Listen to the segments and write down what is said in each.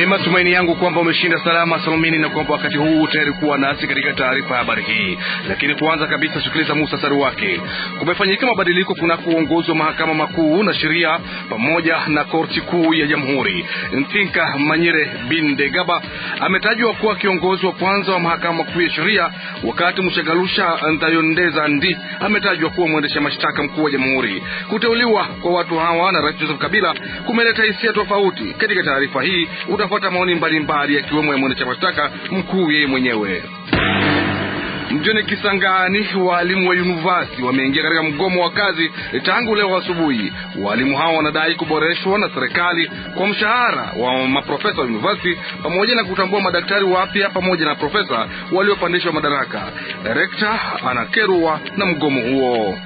Ni matumaini yangu kwamba umeshinda salama salumini na kwamba wakati huu tayari kuwa nasi katika taarifa ya habari hii. Lakini kwanza kabisa, sikiliza muhtasari wake. Kumefanyika mabadiliko kunako uongozi wa mahakama makuu na sheria pamoja na korti kuu ya jamhuri. Ntinka Manyire Bindegaba ametajwa kuwa kiongozi wa kwanza wa mahakama makuu ya sheria, wakati Mshagalusha Ntayondeza Ndi ametajwa kuwa mwendesha mashtaka mkuu wa jamhuri. Kuteuliwa kwa watu hawa na Rais Joseph Kabila kumeleta hisia tofauti. Katika taarifa hii uta kufuata maoni mbalimbali yakiwemo ya mwendesha mashtaka mkuu yeye mwenyewe. Mjini Kisangani waalimu wa yunivasi wameingia katika mgomo wa kazi tangu leo asubuhi. Waalimu hao wanadai kuboreshwa na serikali kwa mshahara wa maprofesa wa yunivasi pamoja na kutambua madaktari wapya pamoja na profesa waliopandishwa madaraka. Direkta anakerwa na mgomo huo.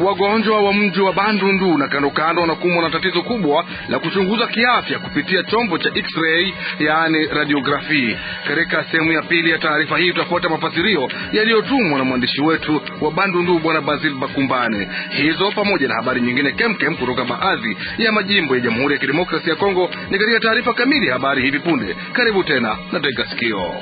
Wagonjwa wa mji wa Bandundu na kando kando wanakumbwa na tatizo kubwa la kuchunguza kiafya kupitia chombo cha x-ray, yaani radiografi. Katika sehemu ya pili ya taarifa hii tutafuata mafasirio yaliyotumwa na mwandishi wetu wa Bandundu Bwana Basil Bakumbane. Hizo pamoja na habari nyingine kemkem kutoka baadhi ya majimbo ya Jamhuri ya Kidemokrasia ya Kongo ni katika taarifa kamili ya habari hivi punde. Karibu tena na tega sikio.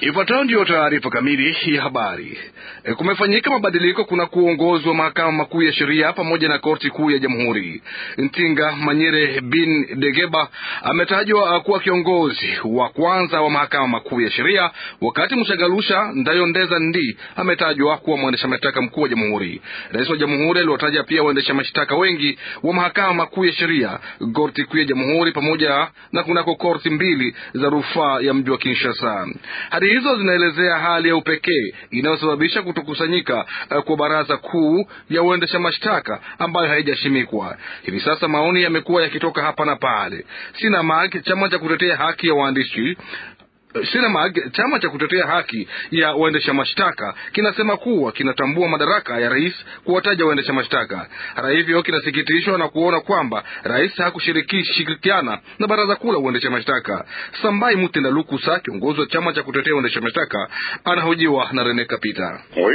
Ifuatayo ndiyo taarifa kamili ya habari. E, kumefanyika mabadiliko kuna kuongozi wa mahakama makuu ya sheria pamoja na korti kuu ya jamhuri. Ntinga Manyere bin Degeba ametajwa eh, kuwa kiongozi wa kwanza wa mahakama makuu ya sheria, wakati Mshagalusha Ndayondeza Ndi ametajwa kuwa mwendesha mashtaka mkuu wa jamhuri. Rais wa jamhuri aliwataja pia waendesha mashtaka wengi wa mahakama makuu ya sheria, korti kuu ya jamhuri pamoja na kunako korti mbili za rufaa ya mji wa Kinshasa. Hadi hizo zinaelezea hali ya upekee inayosababisha kutokusanyika eh, kwa baraza kuu ya uendesha mashtaka ambayo haijashimikwa. Hivi sasa maoni yamekuwa yakitoka hapa na pale. Sina chama cha kutetea haki ya waandishi Sinamag, chama cha kutetea haki ya waendesha mashtaka, kinasema kuwa kinatambua madaraka ya rais kuwataja waendesha mashtaka. Hata hivyo, kinasikitishwa na kuona kwamba rais hakushirikiana na baraza kuu la uendesha mashtaka. Sambai Mutenda Lukusa, kiongozi wa chama cha kutetea waendesha mashtaka, anahojiwa na Rene Kapita. Oh,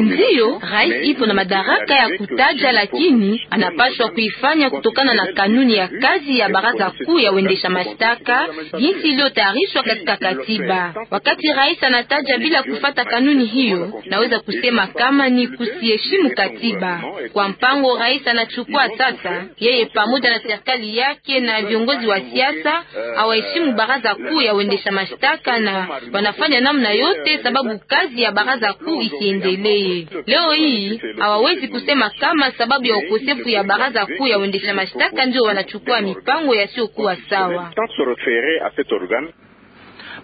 Ndiyo, rais ipo na madaraka ya kutaja, lakini anapaswa kuifanya kutokana na kanuni ya kazi ya baraza kuu ya uendesha mashtaka jinsi iliyotaarishwa katika katiba. Wakati rais anataja bila kufata kanuni hiyo, naweza kusema kama ni kusiheshimu katiba. Kwa mpango rais anachukua sasa, yeye pamoja na serikali yake na viongozi wa siasa hawaheshimu baraza kuu ya uendesha mashtaka na wanafanya namna yote sababu kazi ya baraza kuu isiendelee. Leo hii hawawezi kusema kama sababu ya ukosefu ya baraza kuu ya uendesha mashtaka ndio wanachukua mipango yasiyokuwa sawa. este órgano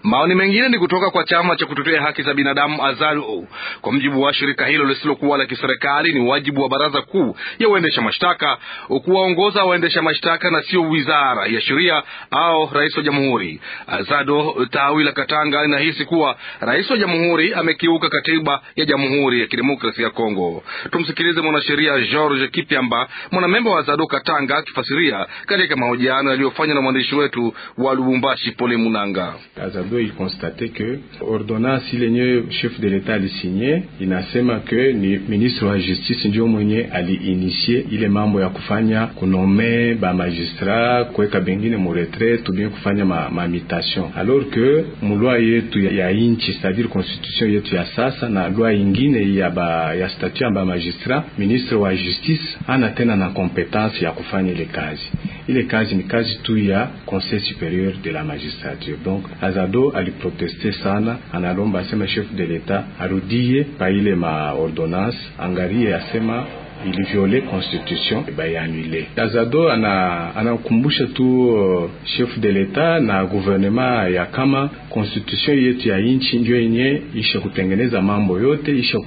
Maoni mengine ni kutoka kwa chama cha kutetea haki za binadamu Azalu. Kwa mjibu wa shirika hilo lisilokuwa la kiserikali, ni wajibu wa baraza kuu ya uendesha mashtaka kuwaongoza waendesha mashtaka na sio wizara ya sheria au rais wa jamhuri. Azado tawi la Katanga linahisi kuwa rais wa jamhuri amekiuka katiba ya Jamhuri ya Kidemokrasia ya Kongo. Tumsikilize mwanasheria George Kipyamba, mwanamemba wa Azado Katanga, akifasiria katika mahojiano yaliyofanywa na mwandishi wetu wa Lubumbashi, Pole Munanga Azado. il constatait que ordonnance le chef de l'État il seulement que le ministre de la justice ndio Il est ile mambo ya kufanya kunome ba magistrat kuweka bengine mu retraite bien kufanya ma, ma mutation alors que mu loi yetu ya inchi c'est-à-dire constitution yetu ya sasa na loi ingine ya ba ya statut en ba magistrat ministre de la justice ana tena na competence ya kufanya le kazi il est ni kazi tu ya Conseil supérieur de la magistrature. Donc Azado aliproteste sana, analomba le chef de l'etat arudie ordonnance, maordonance, a asema la constitution ben, annulé. Azado anakumbusha ana tu le euh, chef de l'État, na gouvernement ya kama constitution yetu ya inchi ndio yenye isha kutengeneza mambo yote, isha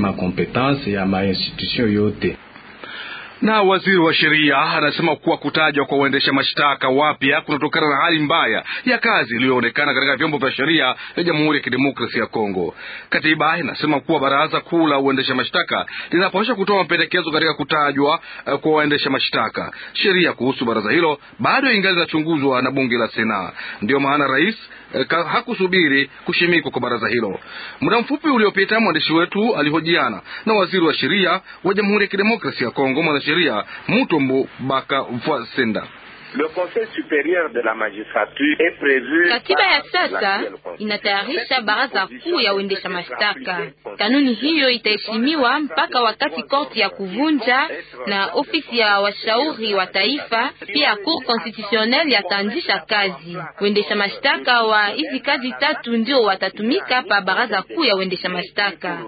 ma compétence ya ma institution yote. Na waziri wa sheria anasema kuwa kutajwa kwa uendesha mashtaka wapya kunatokana na hali mbaya ya kazi iliyoonekana katika vyombo vya sheria ya Jamhuri ya Kidemokrasia ya Kongo. Katiba inasema kuwa baraza kuu la uendesha mashtaka linapaswa kutoa mapendekezo katika kutajwa eh, kwa waendesha mashtaka. Sheria kuhusu baraza hilo bado ingali inachunguzwa na bunge la Sena. Ndiyo maana rais eh, hakusubiri kushimikwa kwa baraza hilo. Muda mfupi uliopita mwandishi wetu alihojiana na waziri wa sheria wa Jamhuri ya Kidemokrasia ya Kongo sheria Mutombo Bakavwa Senda de la Katiba ya sasa inatayarisha baraza kuu ya uendesha mashtaka. Kanuni hiyo itaheshimiwa mpaka wakati korti ya kuvunja na ofisi ya washauri wa taifa pia Cour Constitutionnelle yataanzisha kazi. Uendesha mashtaka wa hizi kazi tatu ndio watatumika pa baraza kuu ya uendesha mashtaka.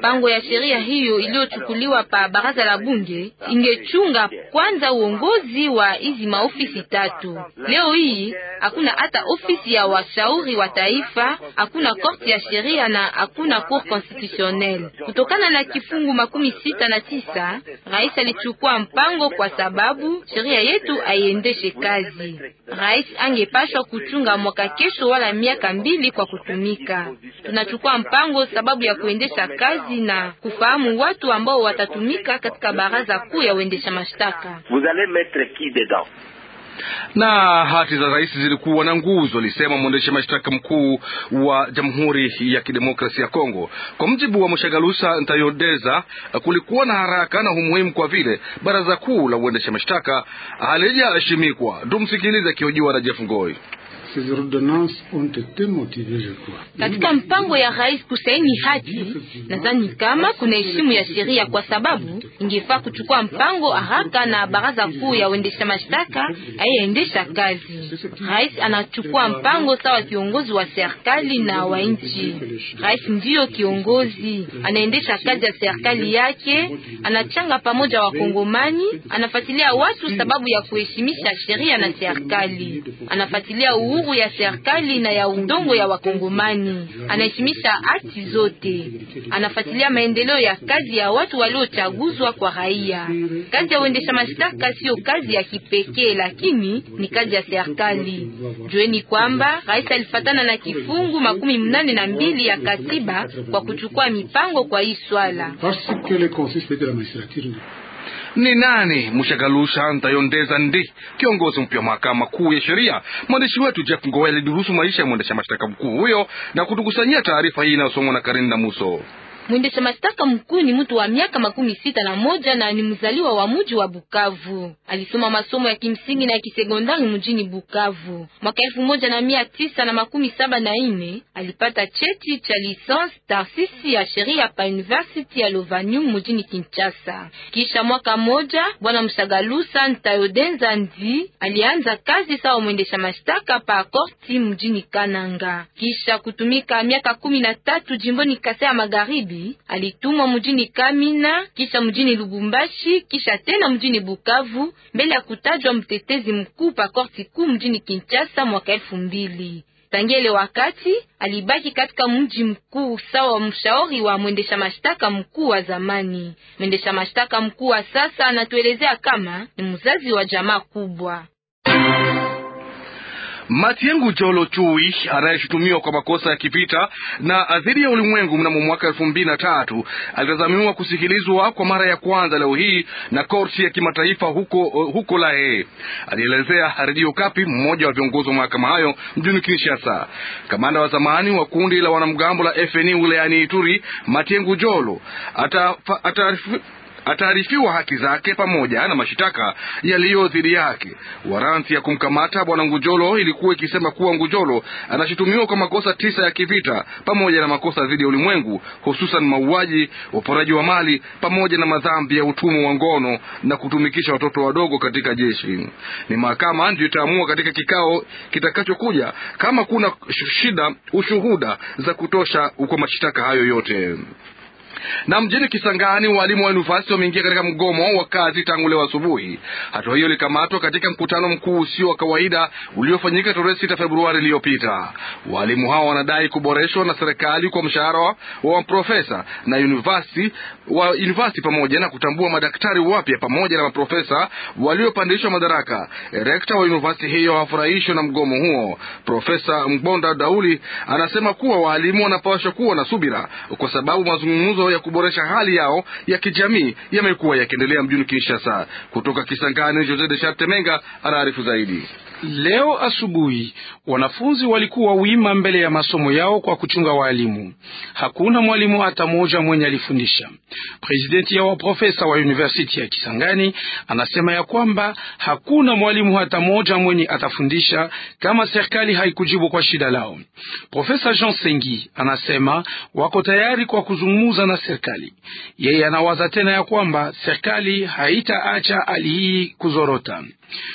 Pango ya sheria hiyo iliyochukuliwa pa baraza la bunge ingechunga kwanza uongozi wa hizi maofisi miezi tatu. Leo hii hakuna hata ofisi ya washauri wa taifa, hakuna korti ya sheria na hakuna cour constitutionnelle. Kutokana na kifungu makumi sita na tisa, rais alichukua mpango kwa sababu sheria yetu haiendeshe kazi. Rais angepashwa kuchunga mwaka kesho wala miaka mbili kwa kutumika. Tunachukua mpango sababu ya kuendesha kazi na kufahamu watu ambao watatumika katika baraza kuu ya uendesha mashtaka na hati za rais zilikuwa na nguzo, alisema mwendesha mashtaka mkuu wa Jamhuri ya Kidemokrasia ya Kongo. Kwa mjibu wa Mshagalusa Ntayodeza, kulikuwa na haraka na umuhimu kwa vile baraza kuu la uendesha mashtaka halijaheshimikwa. Tumsikilize akihojiwa na Jeff Ngoi katika mpango ya rais kusaini hati. Nadhani kama kuna heshimu ya sheria, kwa sababu ingefaa kuchukua mpango haraka na baraza kuu ya uendesha mashtaka aiendesha kazi. Rais anachukua mpango sawa kiongozi wa serikali na wa nchi. Rais ndiyo kiongozi, anaendesha kazi ya serikali yake, anachanga pamoja Wakongomani, anafuatilia watu sababu ya kuheshimisha sheria na serikali, anafuatilia uhuru uhuru ya serikali na ya udongo ya Wakongomani. Anaheshimisha hati zote, anafuatilia maendeleo ya kazi ya watu waliochaguzwa kwa raia. Kazi ya uendesha mashtaka sio kazi ya kipekee, lakini ni kazi ya serikali. Jueni kwamba rais alifatana na kifungu makumi mnane na mbili ya katiba kwa kuchukua mipango kwa hii swala ni nani? Mushagalusha Ntayondeza ndi kiongozi mpya wa mahakama kuu ya sheria. Mwandishi wetu Jeff Ngowe alidurusu maisha ya mwendesha mashtaka mkuu huyo na kutukusanyia taarifa hii inayosomwa na Karinda Muso. Mwendesha mashtaka mkuu ni mtu wa miaka makumi sita na moja na ni mzaliwa wa mji wa Bukavu. Alisoma masomo ya kimsingi na ya kisekondari mjini Bukavu. Mwaka elfu moja na mia tisa na makumi saba na ine alipata cheti cha lisansi taasisi ya sheria pa University ya Lovanium mjini Kinshasa. Kisha mwaka moja bwana Mshagalusa Ntayodenza Ndi alianza kazi sawa mwendesha mashtaka pa korti mjini Kananga, kisha kutumika miaka kumi na tatu jimboni Kasai ya Magharibi. Katabi alitumwa mjini Kamina, kisha mjini Lubumbashi, kisha tena mjini Bukavu mbele ya kutajwa mtetezi mkuu pa korti kuu mjini Kinshasa mwaka elfu mbili. Tangele wakati alibaki katika mji mkuu sawa mshauri wa mwendesha mashtaka mkuu wa zamani. Mwendesha mashtaka mkuu wa sasa anatuelezea kama ni mzazi wa jamaa kubwa. Matiengu Jolo Chui anayeshutumiwa kwa makosa ya kivita na dhidi ya ulimwengu mnamo mwaka elfu mbili na tatu alitazamiwa kusikilizwa kwa mara ya kwanza leo hii na korti ya kimataifa huko, huko Lae, alielezea redio Kapi mmoja wa viongozi wa mahakama hayo mjini Kinshasa. Kamanda wa zamani wa kundi la wanamgambo la FNI wilayani Ituri Matiengu Jolo ata, ata, ataarifiwa haki zake pamoja na mashitaka yaliyo dhidi yake. Waranti ya kumkamata bwana Ngujolo ilikuwa ikisema kuwa Ngujolo anashutumiwa kwa makosa tisa ya kivita pamoja na makosa dhidi ya ulimwengu, hususan mauaji, uporaji wa mali pamoja na madhambi ya utumwa wa ngono na kutumikisha watoto wadogo katika jeshi. Ni mahakama ndio itaamua katika kikao kitakachokuja kama kuna shida ushuhuda za kutosha kwa mashitaka hayo yote. Na mjini Kisangani, walimu wa univasiti wameingia katika mgomo wa kazi tangu leo asubuhi. Hatua hiyo ilikamatwa katika mkutano mkuu usio wa kawaida uliofanyika tarehe sita Februari iliyopita. Walimu hao wanadai kuboreshwa na serikali kwa mshahara wa maprofesa na univasiti wa univasiti pamoja na kutambua madaktari wapya pamoja na maprofesa waliopandishwa madaraka. Rekta wa univasiti hiyo hafurahishwa na mgomo huo. Profesa Mbonda Dauli anasema kuwa waalimu wanapaswa kuwa na subira kwa sababu mazungumzo ya kuboresha hali yao ya kijamii yamekuwa yakiendelea mjini Kinshasa. Kutoka Kisangani, Jose de Chartemenga anaarifu zaidi. Leo asubuhi wanafunzi walikuwa wima mbele ya masomo yao kwa kuchunga waalimu. Hakuna mwalimu hata mmoja mwenye alifundisha. Presidenti ya waprofesa wa university ya Kisangani anasema ya kwamba hakuna mwalimu hata mmoja mwenye atafundisha kama serikali haikujibu kwa shida lao. Profesa Jean Sengi anasema wako tayari kwa kuzungumza na serikali. Yeye anawaza tena ya kwamba serikali haitaacha hali hii kuzorota.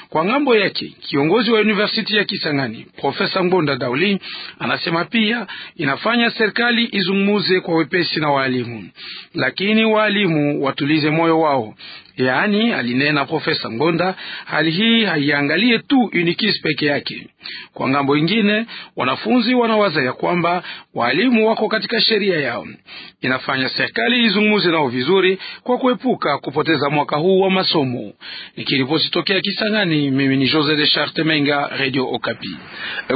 Kwa ng'ambo yake, kiongozi wa universiti ya Kisangani Profesa Ngbonda Dauli anasema pia inafanya serikali izungumuze kwa wepesi na waalimu, lakini waalimu watulize moyo wao yaani, alinena Profesa Ngonda, hali hii haiangalie tu UNIKIS peke yake. Kwa ngambo ingine, wanafunzi wanawaza ya kwamba walimu wako katika sheria yao, inafanya serikali izungumuze nao vizuri kwa kuepuka kupoteza mwaka huu wa masomo. Nikiripoti tokea Kisangani, mimi ni Jose de Charte Menga, Radio Okapi.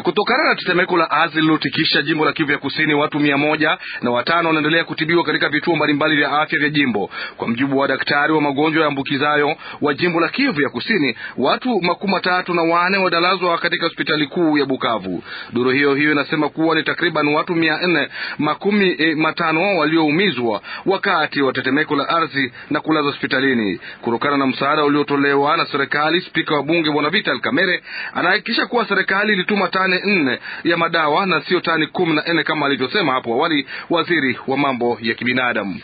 Kutokana na tetemeko la ardhi lilotikisha jimbo la Kivu ya Kusini, watu mia moja na watano wanaendelea kutibiwa katika vituo mbalimbali vya afya vya jimbo, kwa mjibu wa daktari wa magonjwa ya maambukizayo wa jimbo la Kivu ya Kusini, watu makumi tatu na wane wadalazwa katika hospitali kuu ya Bukavu. Duru hiyo hiyo inasema kuwa ni takriban watu mia nne makumi e, matano walioumizwa wakati wa tetemeko la ardhi na kulazwa hospitalini kutokana na msaada uliotolewa na serikali. Spika wa bunge bwana Vital Kamere anahakikisha kuwa serikali ilituma tani nne ya madawa na sio tani kumi na nne kama alivyosema hapo awali waziri wa mambo ya kibinadamu.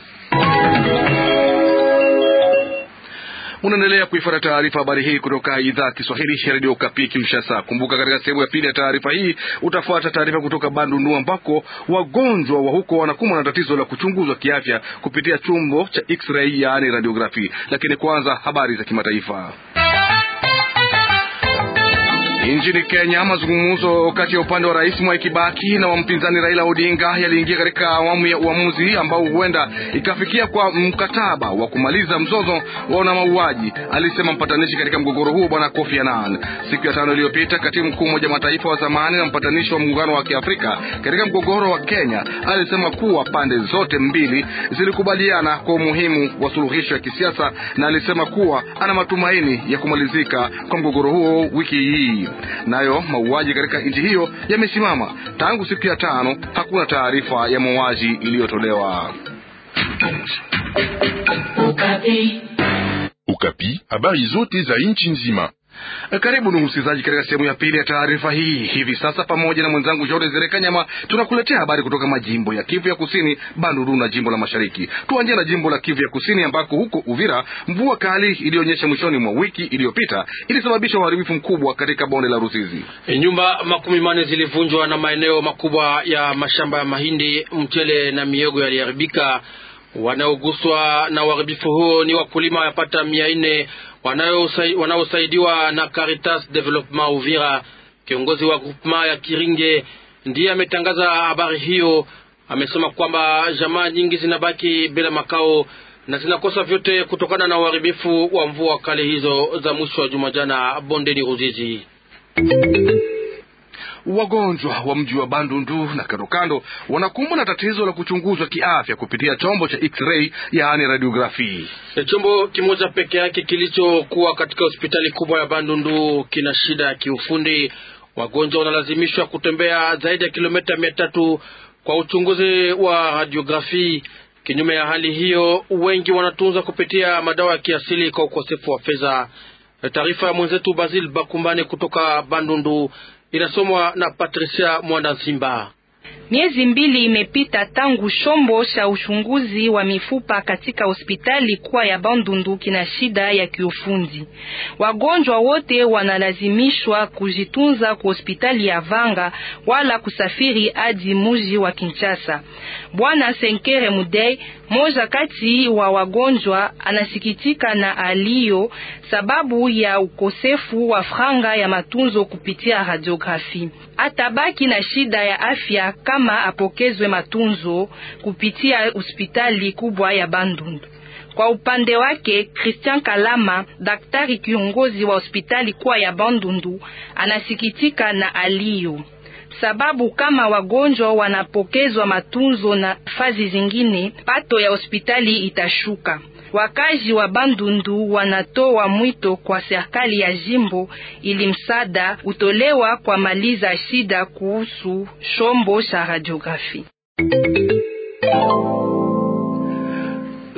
Unaendelea kuifuata taarifa habari hii kutoka idhaa Kiswahili ya redio Okapi Kinshasa. Kumbuka katika sehemu ya pili ya taarifa hii utafuata taarifa kutoka Bandundu ambako wagonjwa wa huko wanakumbwa na tatizo la kuchunguzwa kiafya kupitia chombo cha X-ray yaani radiografi. Lakini kwanza habari za kimataifa. Nchini Kenya, mazungumzo kati ya upande wa rais Mwai Kibaki na wa mpinzani Raila Odinga yaliingia katika awamu ya uamuzi ambao huenda ikafikia kwa mkataba wa kumaliza mzozo wana mauaji, alisema mpatanishi katika mgogoro huo Bwana Kofi Annan siku ya tano iliyopita. Katibu mkuu Umoja wa Mataifa wa zamani na mpatanishi wa muungano wa Kiafrika katika mgogoro wa Kenya alisema kuwa pande zote mbili zilikubaliana kwa umuhimu wa suluhisho ya kisiasa, na alisema kuwa ana matumaini ya kumalizika kwa mgogoro huo wiki hii. Nayo mauaji katika nchi hiyo yamesimama tangu siku ya tano. Hakuna taarifa ya mauaji iliyotolewa. Ukapi, habari zote za nchi nzima Eh, karibu ndugu msikilizaji, katika sehemu ya pili ya taarifa hii hivi sasa, pamoja na mwenzangu Jorge Zerekanyama tunakuletea habari kutoka majimbo ya Kivu ya Kusini, Bandundu na jimbo la Mashariki. Tuanzie na jimbo la Kivu ya Kusini ambako huko Uvira mvua kali iliyoonyesha mwishoni mwa wiki iliyopita ilisababisha uharibifu mkubwa katika bonde la Ruzizi. E, nyumba makumi manne zilivunjwa na maeneo makubwa ya mashamba ya mahindi, mchele na miogo yaliharibika. Wanaoguswa na uharibifu huo ni wakulima wapata mia nne wanaosaidiwa na Caritas Development Uvira. Kiongozi wa grupema ya Kiringe ndiye ametangaza habari hiyo. Amesema kwamba jamaa nyingi zinabaki bila makao na zinakosa vyote kutokana na uharibifu wa mvua kali hizo za mwisho wa juma jana bondeni Ruzizi. Wagonjwa wa mji wa Bandundu na kandokando wanakumbwa na tatizo la kuchunguzwa kiafya kupitia chombo cha x-ray, yaani E, Chombo kimoja peke yake kilichokuwa katika hospitali kubwa ya Bandundu kina shida ya kiufundi. Wagonjwa wanalazimishwa kutembea zaidi ya kilomita mia tatu kwa uchunguzi wa radiografi. Kinyume ya hali hiyo, wengi wanatunzwa kupitia madawa ya kiasili kwa ukosefu wa fedha. E, taarifa ya mwenzetu Basil bakumbani kutoka Bandundu inasomwa na Patricia mwanda Simba. Miezi mbili imepita tangu chombo cha uchunguzi wa mifupa katika hospitali kwa ya Bandundu kina shida ya kiufundi. Wagonjwa wote wanalazimishwa kujitunza kwa hospitali ya Vanga wala kusafiri hadi muji wa Kinshasa. Bwana Senkere Mudei, moja kati wa wagonjwa, anasikitika na alio sababu ya ukosefu wa franga ya matunzo kupitia radiografi. Atabaki na shida ya afya kama apokezwe matunzo kupitia hospitali kubwa ya Bandundu. Kwa upande wake Christian Kalama, daktari kiongozi wa hospitali kwa ya Bandundu, anasikitika na aliyo sababu kama wagonjwa wanapokezwa matunzo na fazi zingine, pato ya hospitali itashuka. Wakazi wa Bandundu wanatoa mwito kwa serikali ya jimbo ili msaada utolewa kwa maliza shida kuhusu chombo cha radiografi.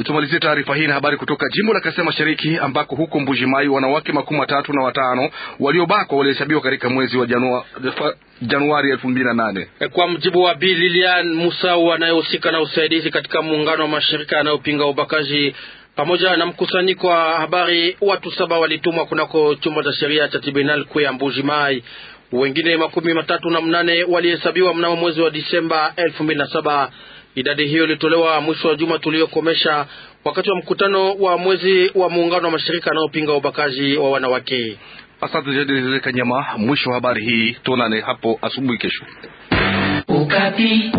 Tumalizie taarifa hii na habari kutoka jimbo la Kasai Mashariki, ambako huko Mbujimai wanawake makumi matatu na watano waliobakwa walihesabiwa katika mwezi wa Januari, Januari elfu mbili na nane e, kwa mjibu wa Bi Lilian Musau anayehusika na usaidizi katika muungano wa mashirika yanayopinga ubakaji pamoja na mkusanyiko wa habari. Watu saba walitumwa kunako chumba cha sheria cha tribunal kuu ya Mbuji Mai, wengine makumi matatu na mnane walihesabiwa mnamo mwezi wa Disemba elfu mbili na saba. Idadi hiyo ilitolewa mwisho wa juma tuliokomesha wakati wa mkutano wa mwezi wa muungano wa mashirika yanayopinga ubakaji wa wanawake. Asante Jedele Kanyama. Mwisho wa habari hii, tuonane hapo asubuhi kesho. Ukapi.